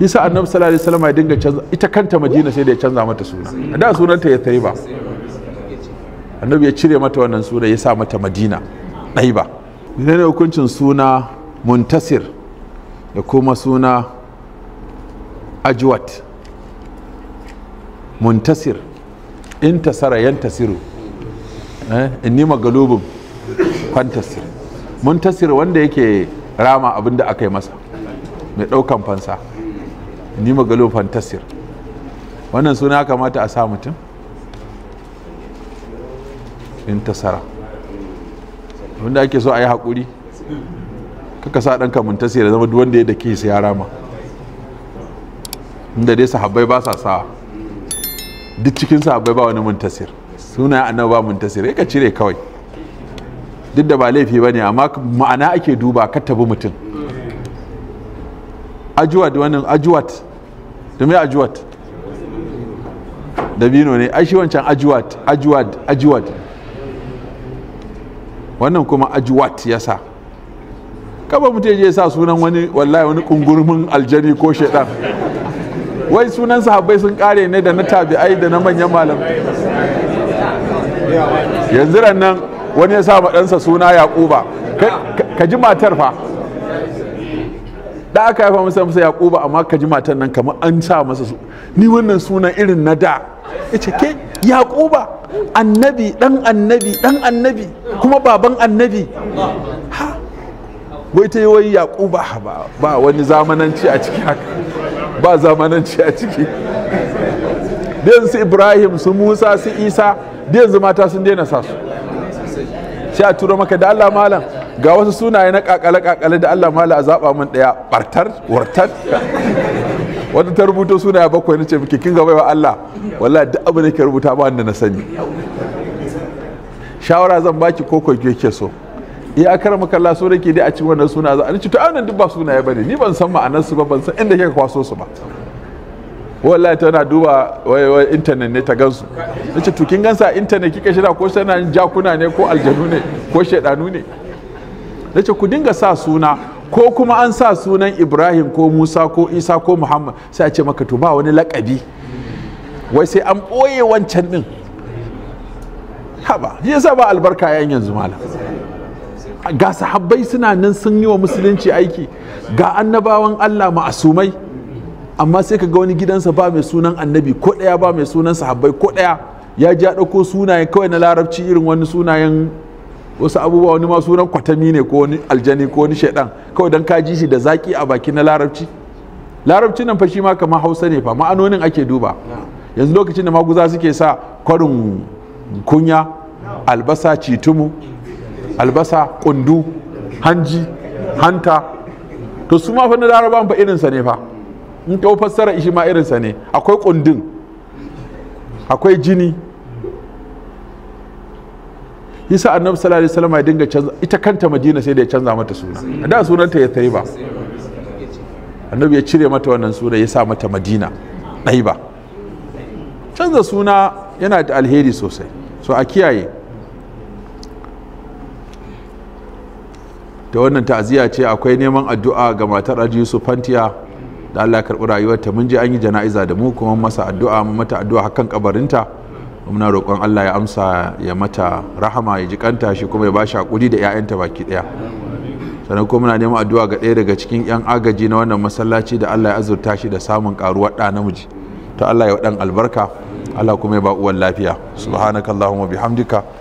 yasa annabi sallallahu alaihi wasallam ya dinga canza ita kanta madina sai da ya canza mata suna da sunanta ya taiba annabi ya cire mata wannan suna ya sa mata madina ɗaiba menene hukuncin suna muntasir da kuma suna ajwat muntasir in tasara yan tasiru eh inni magalubum fantasir muntasir wanda yake rama abinda aka yi masa mai ɗaukan fansa ni magalo fantasir wannan suna kamata a sa mutum In tasara. wanda ake so a yi haƙuri kaka sa ɗanka muntasir da zama duk wanda ya da ke ya rama inda dai sahabbai ba sa sa duk cikin sahabbai ba wani muntasir suna annabi ba muntasir ya ka cire kawai duk da ba laifi ba ne amma ma'ana ake duba ka tabi mutum ajuwat wannan ajuwat to me ajuwat dabino ne ai shi wancan ajuwat ajuwat ajuwat wannan kuma ajuwat ya sa kaba mutum je sa sunan wani wallahi wani kungurmin aljani ko shaidan wai sunan sahabbai sun kare ne da na tabi'ai da na manyan malam yanzu nan wani ya sa maɗansa ɗansa suna yaƙuba ka ji matar fa da aka haifa masa masa kuba amma ka ji matan nan kamar an sa masa su ni wannan sunan irin na da yace ke yaquba annabi dan annabi dan annabi kuma baban annabi ha wai ta yi wai yaquba ba ba wani zamananci a ciki haka ba zamananci a ciki da yanzu ibrahim su musa su isa da yanzu mata sun daina sa su sai a turo maka da allah malam ga wasu sunaye na kakale kakale da Allah mala a zaba min daya bartar wartar wanda ta rubuto sunaye bakwai nace miki kin ga baiwa Allah wallahi duk abin da ke rubuta ba wanda na sani shawara zan baki ko ko ke so ya eh, kar Allah so dake dai a cikin wannan suna za a ci to anan duk ba sunaye bane ni ban san ma'anar su ba ban san inda kika kwaso su ba wallahi tana duba wai intanet ne ta gansu nace to kin gansa intanet kika shira ko tana jakuna ne ko aljanu ne ko shedanu ne na ce ku dinga sa suna ko kuma an sa sunan ibrahim ko musa ko isa ko muhammad sai a ce maka to ba wani lakabi wai sai an ɓoye wancan ɗin haba yasa ba albarka yan yanzu malam ga sahabbai suna nan sun yi wa musulunci aiki ga annabawan allah ma'asumai amma sai ka ga wani gidansa ba mai sunan annabi ko ɗaya ba mai sunan sahabbai ko ɗaya ya ji ya ɗauko sunayen kawai na larabci irin wani sunayen wasu abubuwa wani ma sunan kwatami ne ko wani aljani ko wani shaidan kawai dan kaji shi da zaki a baki na larabci larabci nan fa shi ma kamar hausa ne fa ma'anonin ake duba yanzu lokacin da maguza suke sa kwarin kunya albasa citumu albasa kundu hanji hanta to su ma fa na laraba fa irinsa ne fa in ka fassara ishi ma irinsa ne akwai kundin akwai jini yasa annabi sallallahu alaihi wasallam ya dinga canza ita kanta madina sai da ya canza mata suna da sunanta ya taiba annabi ya cire mata wannan suna ya sa mata madina ɗaiba canza suna yana da alheri sosai so a kiyaye Da wannan ta'aziyya ce akwai neman addu'a ga matar aji Yusuf Fantiya da Allah karɓi rayuwarta mun je an yi jana'iza da mu kuma masa addu'a mun mata addu'a hakan kabarinta muna roƙon Allah ya amsa ya mata rahama ya jikanta shi kuma ya ba shi hakuri da 'ya'yanta baki ɗaya sannan kuma muna neman addu'a ga ɗaya daga cikin 'yan agaji na wannan masallaci da Allah ya azurta shi da samun karuwar ɗa namiji To Allah ya waɗan albarka Allah kuma ya ba uwan lafiya subhanakallahumma bihamdika